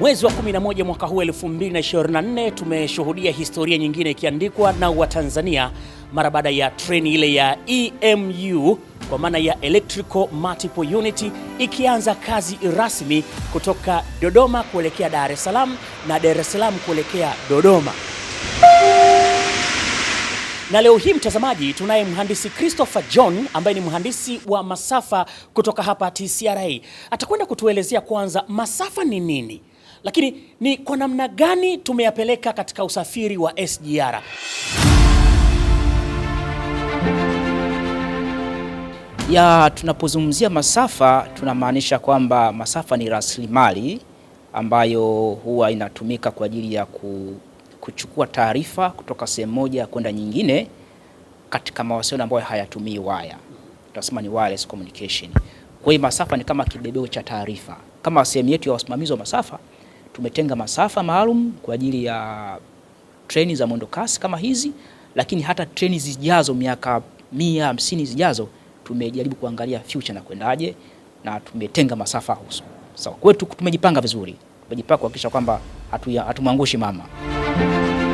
Mwezi wa 11 mwaka huu 2024 tumeshuhudia historia nyingine ikiandikwa na Watanzania mara baada ya treni ile ya EMU kwa maana ya Electrical Multiple unity ikianza kazi rasmi kutoka Dodoma kuelekea Dar es Salaam na Dar es Salaam kuelekea Dodoma. Na leo hii mtazamaji, tunaye mhandisi Christopher John ambaye ni mhandisi wa masafa kutoka hapa TCRA. Atakwenda kutuelezea kwanza masafa ni nini? lakini ni kwa namna gani tumeyapeleka katika usafiri wa SGR. Ya, tunapozungumzia masafa tunamaanisha kwamba masafa ni rasilimali ambayo huwa inatumika kwa ajili ya kuchukua taarifa kutoka sehemu moja kwenda nyingine katika mawasiliano ambayo hayatumii waya, tunasema ni wireless communication. Kwa hiyo masafa ni kama kibebeo cha taarifa. Kama sehemu yetu ya wasimamizi wa masafa tumetenga masafa maalum kwa ajili ya treni za mwendo kasi kama hizi, lakini hata treni zijazo miaka mia hamsini zijazo tumejaribu kuangalia future na kwendaje, na tumetenga masafa husu. So, kwetu tumejipanga vizuri, tumejipanga kuhakikisha kwamba hatumwangushi hatu mama